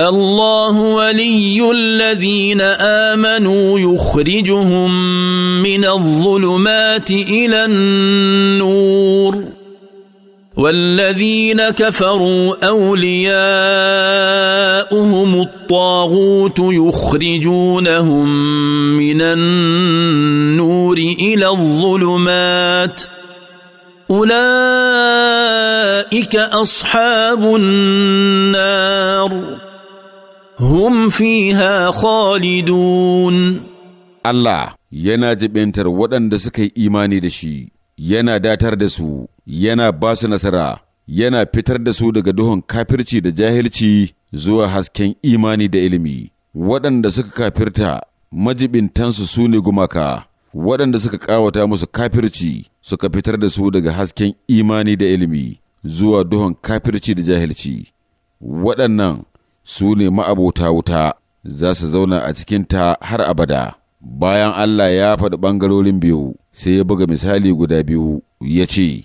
الله ولي الذين امنوا يخرجهم من الظلمات الى النور والذين كفروا اولياؤهم الطاغوت يخرجونهم من النور الى الظلمات اولئك اصحاب النار هم فيها خالدون yana jibintar waɗanda suka yi imani da shi yana datar da su yana basu nasara yana fitar da su daga duhun kafirci da jahilci zuwa hasken imani da ilimi waɗanda suka kafirta majibintansu su ne gumaka waɗanda suka ƙawata musu kafirci suka fitar da su daga hasken imani da ilimi zuwa duhun kafirci da jahilci waɗannan su ne ma'abota wuta za su zauna a cikinta har abada. Bayan Allah ya faɗi ɓangarorin biyu, sai ya buga misali guda biyu ya ce,